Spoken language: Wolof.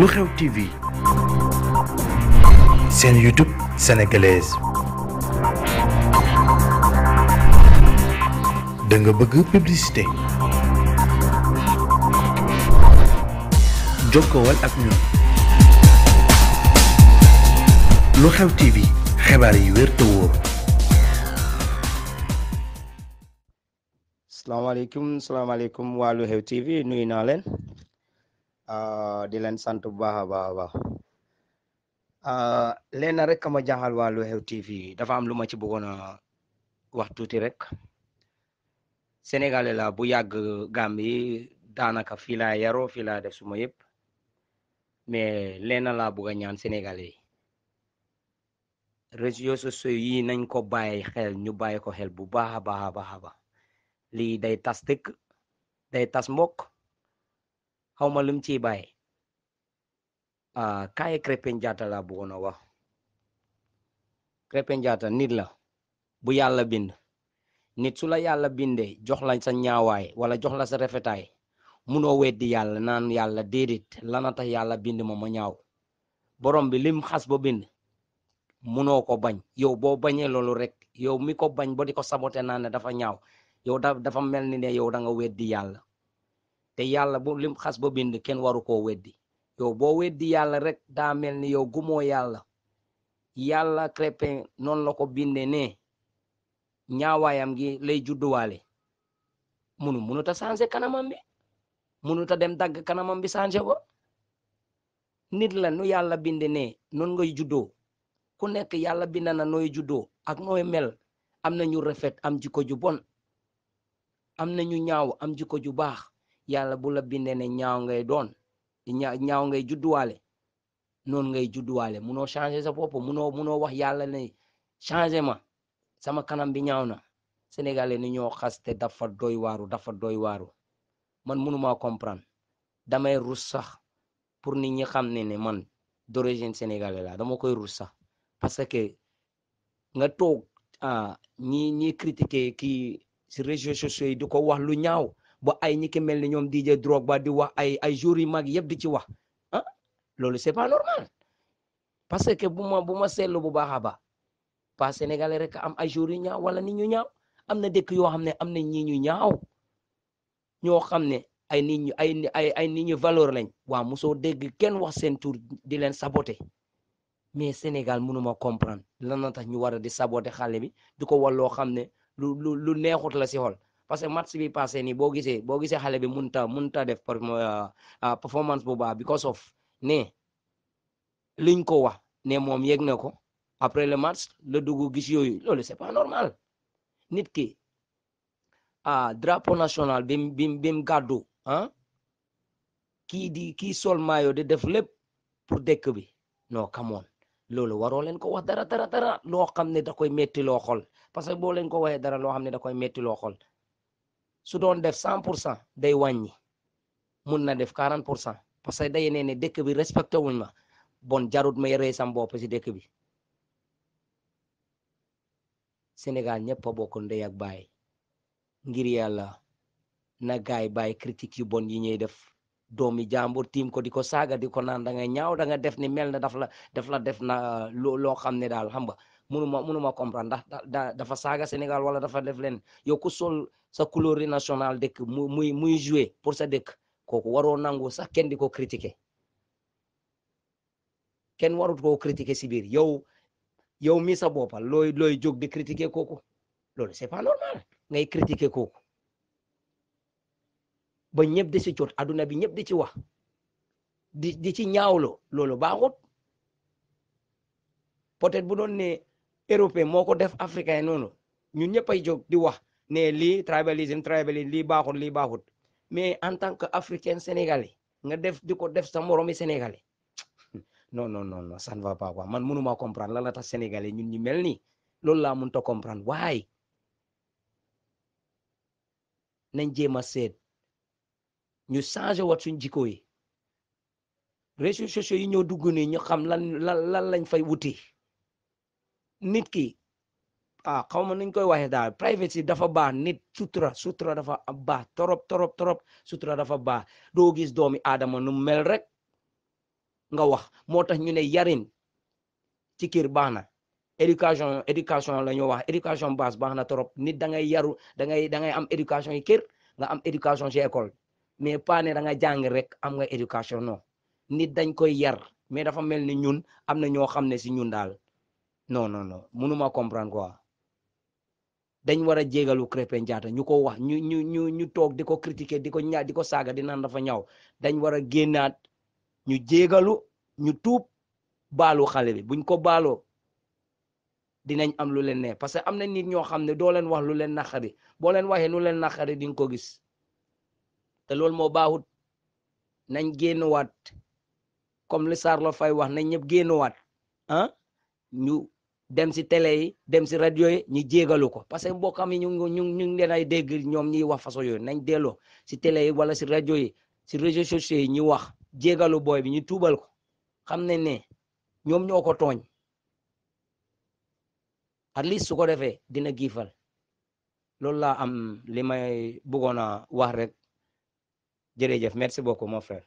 lu xew TV seen YouTube sénégalaise da nga bëgg publicité jokkowal ak ñun lu xew TV xibaar yi wér te wóor. salaamaaleykum salaamaaleykum waa lu TV nuyu naa leen. Ah, di leen sant bu baax a baax ah, lenn rek ka ma jaxal waa Lu Xew TV dafa am lu ma ci bëggoon a wax tuuti rek Sénégalais bu yàgg Gambie daanaka fii yaro yaroo fii laa def suma yëpp mais leena laa bëgg a ñaan Sénégalais réseaux sociaux yi nañ ko bàyyi xel ñu bàyyi ko xel bu baax a baax a day tas dëkk day tas mbokk xawma ma ciy bàyyi ah kaay Krépin Diatta laa bëggoon a wax Krépin nit la bu yàlla bind nit su la yàlla bindee jox la sa ñaawaay wala jox la sa rafetaay munoo weddi yàlla naan yàlla déedéet lana tax yàlla bind ma ma ñaaw borom bi lim xas ba bind munoo ko bañ yow boo bañee loolu rek yow mi ko bañ ba di ko sabote naan ne dafa ñaaw yow da dafa mel ni ne yow danga nga weddi yàlla. te yàlla bu lim xas ba bind kenn waru koo weddi yow boo weddi yàlla rek daa mel ni yow gumoo yàlla yàlla crépin noonu la ko binde ne ñaawaayam gi lay judduwale munu munut a changé kanamam bi munut a dem dagg kanamam bi changé ko nit la nu yàlla bind ne noonu ngay juddoo ku nekk yàlla bind na nooy juddoo ak nooy mel am na ñu rafet am jikko ju bon am na ñu ñaaw am jikko ju baax yàlla bu la bindee ne ñaaw ngay doon ñaaw ngay judduwaale noonu ngay judduwaale munoo changer sa bopp munoo munoo wax yàlla ne changer ma sama kanam bi ñaaw na sénégalais ni ñoo xaste dafa doy waaru dafa doy waaru man mënuma comprendre dama rus sax pour ni ñi xam ne ne man d'origine sénégalais la dama koy rus sax parce que nga toog ah, ñi ñi critiquer kii ci réseaux sociaux yi di ko wax lu ñaaw ba ay ñi ki mel ni ñoom DJ Drogba di wax ay ay jours yu mag yëpp di ci wax ah loolu c'est pas normal parce que bu ma bu ma seetlu bu baax a baax pas sénégalais rek am ay jours yu ñaaw wala nit ñu ñaaw am na dëkk yoo xam ne am na ñii ñu ñaaw ñoo xam ne ay nit ñu ay ay ay nit ñu valeur lañ waaw mosoo dégg kenn wax seen tur di leen saboter mais Sénégal mënuma comprendre lan la tax ñu war a di saboter xale bi di ko walloo xam ne lu lu lu neexut la si parce que match bi passé nii boo gisee boo gisee xale bi munta munta def euh, euh, performance bu baax because of ne luñ ko wax ne moom yëg na ko après le match le dugg gis yooyu loolu c'est pas normal nit ki ah drapeau national bim bim bim gàddu ah, kii di kii sol mayo di def lépp pour dëkk bi noo come on loolu waroo leen ko wax dara dara loo xam ne da koy metti loo xol parce boo leen ko waxee dara loo xam ne da koy metti loo su doon def cent pour cent day wàññi mun na def quarante pour cent parce que day nee ne dëkk bi respecté wuñ ma bon jarut ma rey sam bopp si dëkk bi Sénégal ñëpp a bokk ak baay ngir yàlla na gaay bàyyi critique yu bon yi ñuy def doomi jàmbur tiim ko di ko saaga di ko naan da nga ñaaw da nga def ni mel na daf la daf la def na loo xam ne daal xam nga munuma munuma comprendre ndax dafa saaga Sénégal wala dafa def leen yow ku sol sa couleur national dëkk mu muy muy jouer pour sa dëkk kooku waroo nangu sax kenn di ko critiquer kenn warut koo critiquer si biir yow yow mi sa boppa looy looy jóg di critiquer kooku loolu c'est pas normal ngay critiquer kooku ba ñëpp di si jot aduna bi ñëpp di ci wax di di ci ñaawlo loolu baaxut peut-être bu doon européen moo ko def africain noonu ñun ñëpp ay jóg di wax ne lii tribalisme tribalisme lii baaxut lii baaxut mais en tant que africain sénégalais nga def di ko def sa moromi sénégalais hmm. non non non va pas man mënuma comprendre lan la tax sénégalais ñun ñu mel nii loolu laa mënut a comprendre waaye nañ jéem a seet ñu changé wat suñ jikko yi réseaux sociaux yi ñoo dugg nii ñu xam la la lan lañ fay wuti. nit ki ah xaw ma nuñ koy waxee daal privacy dafa baax nit sutura sutura dafa baax torop torop torop sutura dafa baax doo gis doomi aadama nu mel rek nga wax moo tax ñu ne yarin ci kër baax na éducation éducation la ñu wax éducation base baax na torop nit da ngay yaru da ngay da am éducation yi kër nga am éducation ci école mais pas ne da nga jàng rek am nga éducation non nit dañ koy yar mais dafa mel ni ñun am na ñoo xam ne si ñun daal non non non mënuma comprendre quoi dañ war a jégalu Krépin ñu ko wax ñu ñu ñu ñu toog di ko critiquer di ko ña di ko saaga di nan dafa ñaaw dañ war a génnaat ñu jégalu ñu tuub baalu xale bi buñ ko baaloo dinañ am lu leen nee parce que am na nit ñoo xam ne doo leen wax lu leen naqari boo leen waxee nu leen naqari di nga ko gis te loolu moo baaxut nañ génnuwaat comme li Sarlo Faye wax nañ ñëpp génnuwaat ah ñu dem si télé yi dem si rajo yi ñu jégalu ko parce que mbokkam yi ñu ñu ñu ngi leen ay dégg ñoom ñuy wax façon yooyu nañ delloo si télé yi wala si rajo yi si réseaux sociaux yi ñu wax jégalu booy bi ñu tuubal ko xam ne ne ñoom ñoo ko tooñ at least su ko defee dina giifal loolu laa am li may bëggoon a wax rek jërëjëf merci beaucoup mon frère.